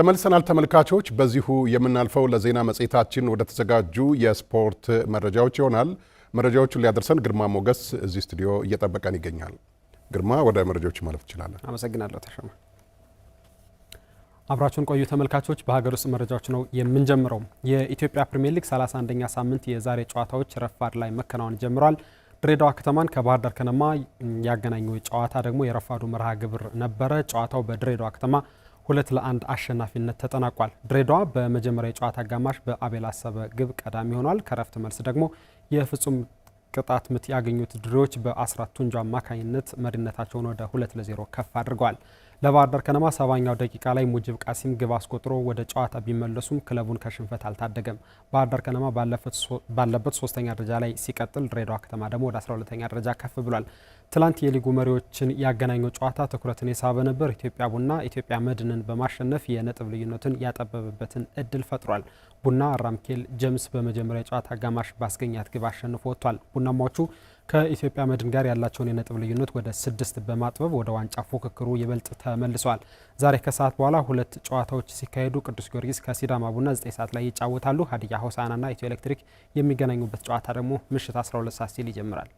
ተመልሰናል ተመልካቾች። በዚሁ የምናልፈው ለዜና መጽሔታችን ወደ ተዘጋጁ የስፖርት መረጃዎች ይሆናል። መረጃዎቹን ሊያደርሰን ግርማ ሞገስ እዚህ ስቱዲዮ እየጠበቀን ይገኛል። ግርማ፣ ወደ መረጃዎች ማለፍ ትችላለን። አመሰግናለሁ ተሸማ። አብራችሁን ቆዩ ተመልካቾች። በሀገር ውስጥ መረጃዎች ነው የምንጀምረው። የኢትዮጵያ ፕሪምየር ሊግ 31ኛ ሳምንት የዛሬ ጨዋታዎች ረፋድ ላይ መከናወን ጀምሯል። ድሬዳዋ ከተማን ከባህር ዳር ከነማ ያገናኘው ጨዋታ ደግሞ የረፋዱ መርሃ ግብር ነበረ። ጨዋታው በድሬዳዋ ከተማ ሁለት ለአንድ አሸናፊነት ተጠናቋል። ድሬዳዋ በመጀመሪያ የጨዋታ አጋማሽ በአቤል አሰበ ግብ ቀዳሚ ሆኗል። ከረፍት መልስ ደግሞ የፍጹም ቅጣት ምት ያገኙት ድሬዎች በአስራት ቱንጆ አማካኝነት መሪነታቸውን ወደ ሁለት ለዜሮ ከፍ አድርገዋል። ለባህር ዳር ከነማ ሰባኛው ደቂቃ ላይ ሙጅብ ቃሲም ግብ አስቆጥሮ ወደ ጨዋታ ቢመለሱም ክለቡን ከሽንፈት አልታደገም። ባህር ዳር ከነማ ባለበት ሶስተኛ ደረጃ ላይ ሲቀጥል፣ ድሬዳዋ ከተማ ደግሞ ወደ 12ኛ ደረጃ ከፍ ብሏል። ትላንት የሊጉ መሪዎችን ያገናኘው ጨዋታ ትኩረትን የሳበ ነበር። ኢትዮጵያ ቡና ኢትዮጵያ መድንን በማሸነፍ የነጥብ ልዩነቱን ያጠበበበትን እድል ፈጥሯል። ቡና አራምኬል ጀምስ በመጀመሪያ ጨዋታ አጋማሽ ባስገኛት ግብ አሸንፎ ወጥቷል። ቡናማዎቹ ከኢትዮጵያ መድን ጋር ያላቸውን የነጥብ ልዩነት ወደ ስድስት በማጥበብ ወደ ዋንጫ ፉክክሩ ይበልጥ ተመልሷል። ዛሬ ከሰዓት በኋላ ሁለት ጨዋታዎች ሲካሄዱ ቅዱስ ጊዮርጊስ ከሲዳማ ቡና 9 ሰዓት ላይ ይጫወታሉ። ሀዲያ ሆሳናና ኢትዮ ኤሌክትሪክ የሚገናኙበት ጨዋታ ደግሞ ምሽት 12 ሰዓት ሲል ይጀምራል።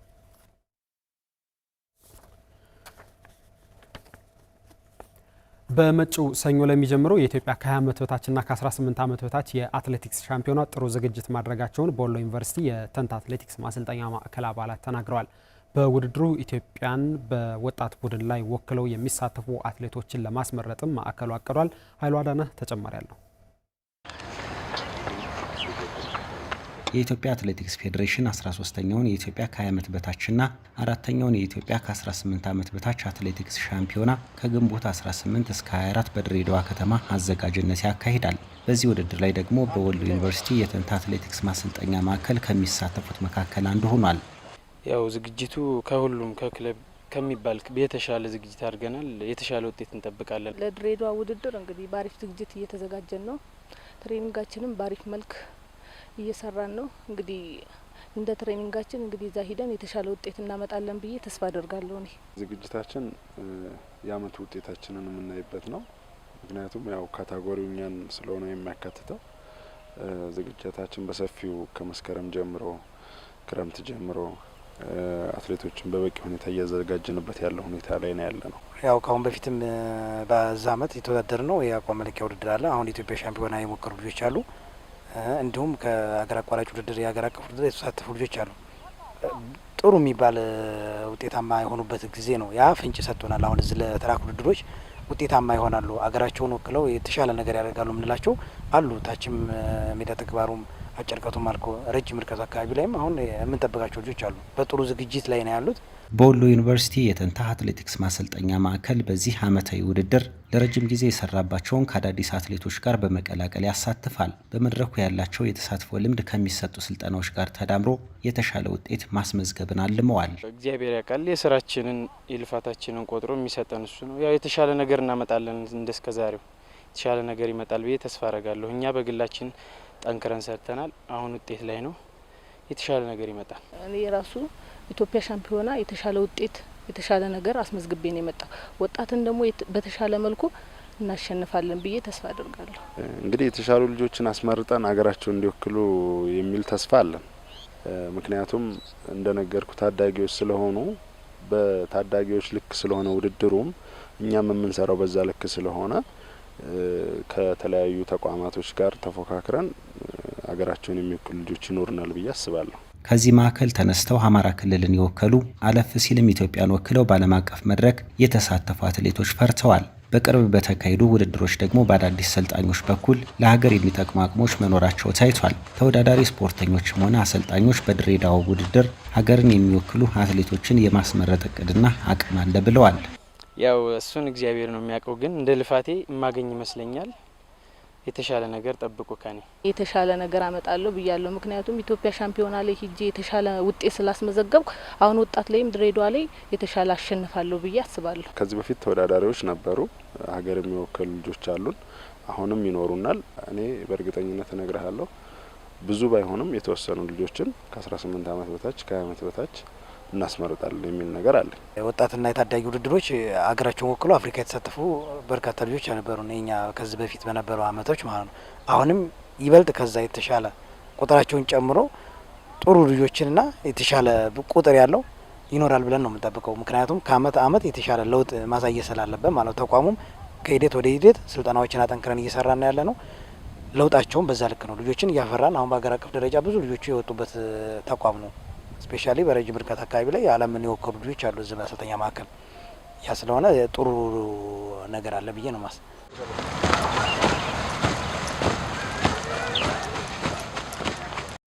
በመጪው ሰኞ ለሚጀምረው የኢትዮጵያ ከ20 ዓመት በታችና ከ18 ዓመት በታች የአትሌቲክስ ሻምፒዮና ጥሩ ዝግጅት ማድረጋቸውን በወሎ ዩኒቨርሲቲ የተንት አትሌቲክስ ማሰልጠኛ ማዕከል አባላት ተናግረዋል። በውድድሩ ኢትዮጵያን በወጣት ቡድን ላይ ወክለው የሚሳተፉ አትሌቶችን ለማስመረጥም ማዕከሉ አቅዷል። ኃይሉ አዳነ ተጨማሪ አለው። የኢትዮጵያ አትሌቲክስ ፌዴሬሽን 13ኛውን የኢትዮጵያ ከ20 ዓመት በታችና አራተኛውን የኢትዮጵያ ከ18 ዓመት በታች አትሌቲክስ ሻምፒዮና ከግንቦት 18 እስከ 24 በድሬዳዋ ከተማ አዘጋጅነት ያካሂዳል። በዚህ ውድድር ላይ ደግሞ በወሎ ዩኒቨርሲቲ የጥንት አትሌቲክስ ማሰልጠኛ ማዕከል ከሚሳተፉት መካከል አንዱ ሆኗል። ያው ዝግጅቱ ከሁሉም ከክለብ ከሚባል የተሻለ ዝግጅት አድርገናል። የተሻለ ውጤት እንጠብቃለን። ለድሬዳዋ ውድድር እንግዲህ በአሪፍ ዝግጅት እየተዘጋጀን ነው። ትሬኒንጋችንም በአሪፍ መልክ እየሰራን ነው። እንግዲህ እንደ ትሬኒንጋችን እንግዲህ እዛ ሂደን የተሻለ ውጤት እናመጣለን ብዬ ተስፋ አደርጋለሁ። እኔ ዝግጅታችን የአመቱ ውጤታችንን የምናይበት ነው። ምክንያቱም ያው ካታጎሪው እኛን ስለሆነ የሚያካትተው ዝግጅታችን በሰፊው ከመስከረም ጀምሮ ክረምት ጀምሮ አትሌቶችን በበቂ ሁኔታ እያዘጋጀንበት ያለው ሁኔታ ላይ ነው ያለ ነው። ያው ከአሁን በፊትም በዛ አመት የተወዳደር ነው የአቋም መለኪያ ውድድር አለ። አሁን የኢትዮጵያ ሻምፒዮና የሞከሩ ልጆች አሉ። እንዲሁም ከሀገር አቋራጭ ውድድር የሀገር አቀፍ ውድድር የተሳተፉ ልጆች አሉ። ጥሩ የሚባል ውጤታማ የሆኑበት ጊዜ ነው። ያ ፍንጭ ሰጥቶናል። አሁን እዚህ ለትራክ ውድድሮች ውጤታማ ይሆናሉ፣ ሀገራቸውን ወክለው የተሻለ ነገር ያደርጋሉ የምንላቸው አሉ። ታችም ሜዳ ተግባሩም አጭር ርቀቱም አልኮ ረጅም ርቀቱ አካባቢ ላይም አሁን የምንጠብቃቸው ልጆች አሉ። በጥሩ ዝግጅት ላይ ነው ያሉት። በወሎ ዩኒቨርሲቲ የተንታ አትሌቲክስ ማሰልጠኛ ማዕከል በዚህ ዓመታዊ ውድድር ለረጅም ጊዜ የሰራባቸውን ከአዳዲስ አትሌቶች ጋር በመቀላቀል ያሳትፋል። በመድረኩ ያላቸው የተሳትፎ ልምድ ከሚሰጡ ስልጠናዎች ጋር ተዳምሮ የተሻለ ውጤት ማስመዝገብን አልመዋል። እግዚአብሔር ያውቃል። የስራችንን የልፋታችንን ቆጥሮ የሚሰጠን እሱ ነው። ያው የተሻለ ነገር እናመጣለን እንደስከዛሬው የተሻለ ነገር ይመጣል ብዬ ተስፋ አረጋለሁ። እኛ በግላችን ጠንክረን ሰርተናል። አሁን ውጤት ላይ ነው። የተሻለ ነገር ይመጣል። እኔ የራሱ ኢትዮጵያ ሻምፒዮና የተሻለ ውጤት የተሻለ ነገር አስመዝግቤ ነው የመጣው። ወጣትን ደግሞ በተሻለ መልኩ እናሸንፋለን ብዬ ተስፋ አድርጋለሁ። እንግዲህ የተሻሉ ልጆችን አስመርጠን ሀገራቸው እንዲወክሉ የሚል ተስፋ አለን። ምክንያቱም እንደነገርኩ ታዳጊዎች ስለሆኑ በታዳጊዎች ልክ ስለሆነ ውድድሩም እኛም የምንሰራው በዛ ልክ ስለሆነ ከተለያዩ ተቋማቶች ጋር ተፎካክረን አገራቸውን የሚወክሉ ልጆች ይኖርናል ብዬ አስባለሁ። ከዚህ ማዕከል ተነስተው አማራ ክልልን የወከሉ አለፍ ሲልም ኢትዮጵያን ወክለው በዓለም አቀፍ መድረክ የተሳተፉ አትሌቶች ፈርተዋል። በቅርብ በተካሄዱ ውድድሮች ደግሞ በአዳዲስ ሰልጣኞች በኩል ለሀገር የሚጠቅሙ አቅሞች መኖራቸው ታይቷል። ተወዳዳሪ ስፖርተኞችም ሆነ አሰልጣኞች በድሬዳዋ ውድድር ሀገርን የሚወክሉ አትሌቶችን የማስመረጥ እቅድና አቅም አለ ብለዋል። ያው እሱን እግዚአብሔር ነው የሚያውቀው። ግን እንደ ልፋቴ የማገኝ ይመስለኛል። የተሻለ ነገር ጠብቁ ከኔ የተሻለ ነገር አመጣለሁ ብያለሁ። ምክንያቱም ኢትዮጵያ ሻምፒዮና ላይ ሂጄ የተሻለ ውጤት ስላስመዘገብኩ አሁን ወጣት ላይም ድሬዳዋ ላይ የተሻለ አሸንፋለሁ ብዬ አስባለሁ። ከዚህ በፊት ተወዳዳሪዎች ነበሩ፣ ሀገር የሚወከሉ ልጆች አሉን፣ አሁንም ይኖሩናል። እኔ በእርግጠኝነት እነግርሃለሁ ብዙ ባይሆንም የተወሰኑ ልጆችን ከ18 ዓመት በታች ከ20 ዓመት በታች እናስመርጣለን የሚል ነገር አለ። ወጣትና የታዳጊ ውድድሮች አገራቸውን ወክሎ አፍሪካ የተሳተፉ በርካታ ልጆች ነበሩ እኛ ከዚህ በፊት በነበረው አመቶች ማለት ነው። አሁንም ይበልጥ ከዛ የተሻለ ቁጥራቸውን ጨምሮ ጥሩ ልጆችንና የተሻለ ቁጥር ያለው ይኖራል ብለን ነው የምንጠብቀው። ምክንያቱም ከአመት አመት የተሻለ ለውጥ ማሳየት ስላለበት ማለት ተቋሙም ከሂደት ወደ ሂደት ስልጠናዎችን አጠንክረን እየሰራን ያለ ነው። ለውጣቸውም በዛ ልክ ነው ልጆችን እያፈራን አሁን በሀገር አቀፍ ደረጃ ብዙ ልጆቹ የወጡበት ተቋም ነው። ስፔሻሊ በረጅም ርቀት አካባቢ ላይ የዓለምን የወከሉ ልጆች አሉ እዚህ ማሰልጠኛ ማዕከል። ያ ስለሆነ ጥሩ ነገር አለ ብዬ ነው ማስ